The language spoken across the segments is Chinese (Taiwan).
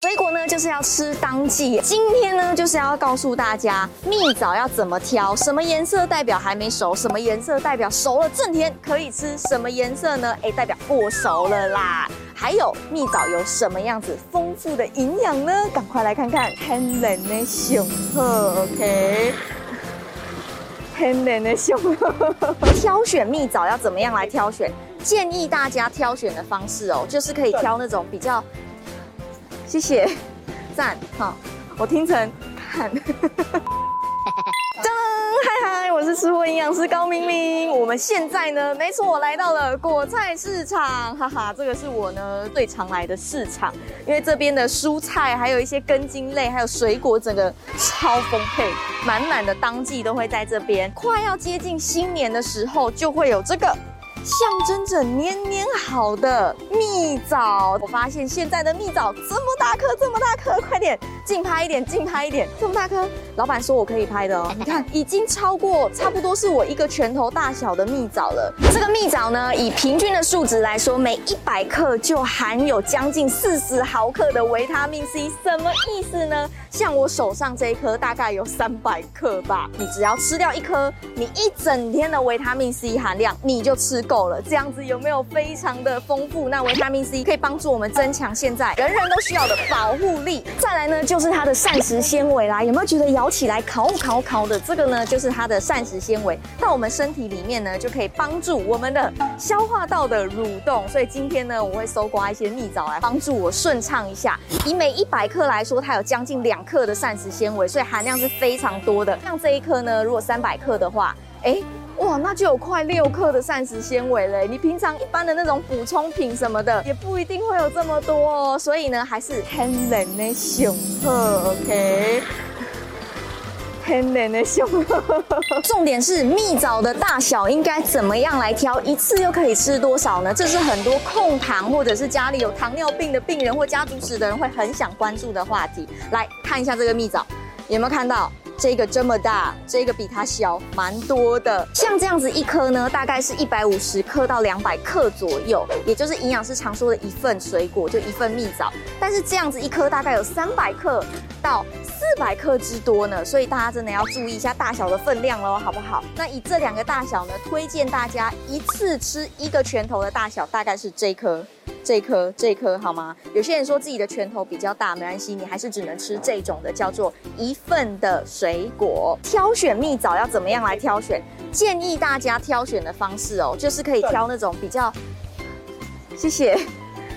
水果呢就是要吃當季，今天呢就是要告訴大家蜜棗要怎麼挑，什麼顏色代表還沒熟，什麼顏色代表熟了正甜可以吃，什麼顏色呢？哎、欸，代表過熟了啦。還有蜜棗有什麼樣子豐富的營養呢？趕快來看看，很冷的熊呵，OK，很冷的熊。挑選蜜棗要怎麼樣來挑選？建議大家挑選的方式哦、喔，就是可以挑那種比較。謝謝讚，贊、哦、好，我聽成看。 噔嗨嗨，我是吃貨營養師高敏敏，我們現在呢，沒錯，來到了果菜市場，哈哈，這個是我呢最常來的市場，因為這邊的蔬菜，還有一些根莖類，還有水果，整個超豐沛，滿滿的當季都會在這邊。快要接近新年的時候，就會有這個。象徵着年年好的蜜棗，我發現現在的蜜棗這麼大顆，這麼大顆，快點。近拍一點，近拍一點，這麼大顆，老闆說我可以拍的哦、喔。你看，已經超過，差不多是我一個拳頭大小的蜜棗了。這個蜜棗呢，以平均的數值來說，每一百克就含有將近四十毫克的維他命 C，什麼意思呢？像我手上這一顆大概有三百克吧，你只要吃掉一顆，你一整天的維他命 C 含量你就吃夠了。這樣子有沒有非常的豐富？那維他命 C 可以幫助我們增強現在人人都需要的保護力。再來呢就。就是它的膳食纖維啦，有沒有覺得咬起來烤烤烤的？這個呢，就是它的膳食纖維。那我們身體裡面呢，就可以幫助我們的消化道的蠕動。所以今天呢，我會搜刮一些蜜棗來幫助我順暢一下。以每一百克來說，它有將近兩克的膳食纖維，所以含量是非常多的。像這一顆呢，如果三百克的話，哎、欸。哇，那就有快六克的膳食纖維嘞！你平常一般的那種補充品什麼的，也不一定會有這麼多哦。所以呢，還是天然的最好，OK？天然的最好。重點是蜜棗的大小應該怎麼樣來挑？一次又可以吃多少呢？這是很多控糖或者是家裡有糖尿病的病人或家族史的人會很想關注的話題。來看一下這個蜜棗，有沒有看到？這個這麼大，這個比它小蠻多的。像這樣子一顆呢，大概是一百五十克到兩百克左右，也就是營養師常說的一份水果，就一份蜜棗。但是這樣子一顆大概有三百克到四百克之多呢，所以大家真的要注意一下大小的分量嘍，好不好？那以這兩個大小呢，推薦大家一次吃一個拳頭的大小，大概是這顆。這顆這顆好嗎？有些人說自己的拳頭比較大，沒關係，你還是只能吃這種的，叫做一份的水果。挑選蜜棗要怎麼樣來挑選？Okay. 建議大家挑選的方式哦，就是可以挑那種比較……謝謝，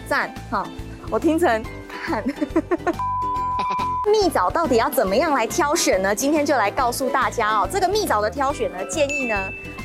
贊好、哦。我聽成看 蜜棗到底要怎麼樣來挑選呢？今天就來告訴大家哦，這個蜜棗的挑選呢，建議呢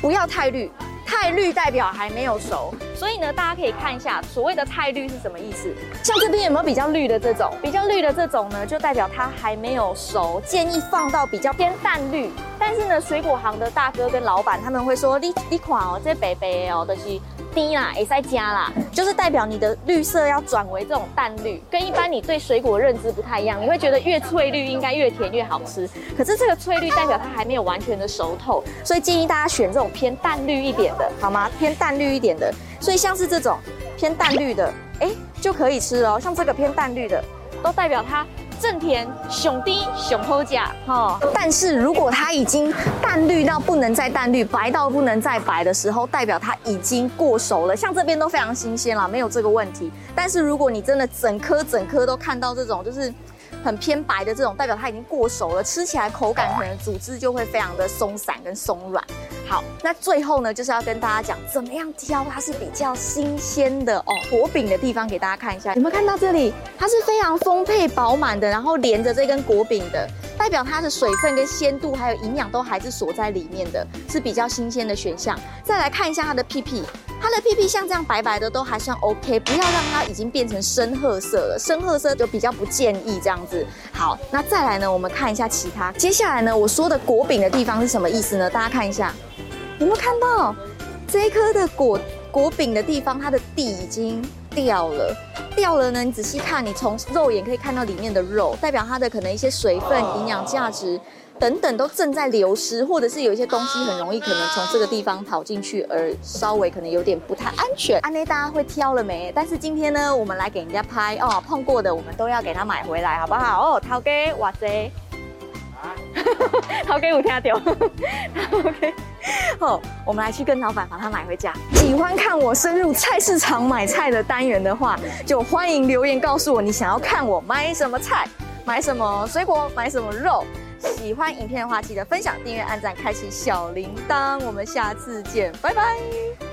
不要太綠，太綠代表還沒有熟。所以呢，大家可以看一下所謂的太綠是什麼意思。像這邊有沒有比較綠的這種？比較綠的這種呢，就代表它還沒有熟，建議放到比較偏淡綠。但是呢，水果行的大哥跟老闆他們會說，你你款哦，這杯杯哦，都、就是低啦，也在加啦，就是代表你的綠色要轉為這種淡綠，跟一般你對水果認知不太一樣，你會覺得越翠綠應該越甜越好吃。可是這個翠綠代表它還沒有完全的熟透，所以建議大家選這種偏淡綠一點的，好嗎？偏淡綠一點的。所以像是這種偏淡綠的，哎、欸，就可以吃了哦。像這個偏淡綠的，都代表它正甜，雄低，雄厚甲哦。但是如果它已經淡綠到不能再淡綠，白到不能再白的時候，代表它已經過熟了。像這邊都非常新鮮了，沒有這個問題。但是如果你真的整顆整顆都看到這種，就是很偏白的這種，代表它已經過熟了，吃起來口感可能組織就會非常的鬆散跟鬆軟。好，那最後呢，就是要跟大家講怎麼樣挑它是比較新鮮的哦。果柄的地方給大家看一下，有沒有看到這裡？它是非常豐沛飽滿的，然後連着這根果柄的，代表它的水分跟鮮度還有營養都還是鎖在裡面的，是比較新鮮的選項。再來看一下它的屁屁。它的屁屁像這樣白白的都還算 OK，不要讓它已經變成深褐色了，深褐色就比較不建議這樣子。好，那再來呢，我們看一下其他。接下來呢，我說的果柄的地方是什麼意思呢？大家看一下，有沒有看到這一顆的果果柄的地方，它的蒂已經掉了。掉了呢？你仔細看，你從肉眼可以看到裡面的肉，代表它的可能一些水分、營養價值等等都正在流失，或者是有一些東西很容易可能從這個地方跑進去，而稍微可能有點不太安全。按呢大家會挑了沒？但是今天呢，我們來給人家拍哦，碰過的我們都要給他買回來，好不好？哦，頭家哇塞！好， 給我聽掉。OK，好，oh，我們來去跟老闆把它買回家。喜歡看我深入菜市場買菜的單元的話，就歡迎留言告訴我你想要看我買什麼菜、買什麼水果、買什麼肉。喜歡影片的話，記得分享、訂閱、按讚、開啟小鈴鐺。我們下次見，拜拜。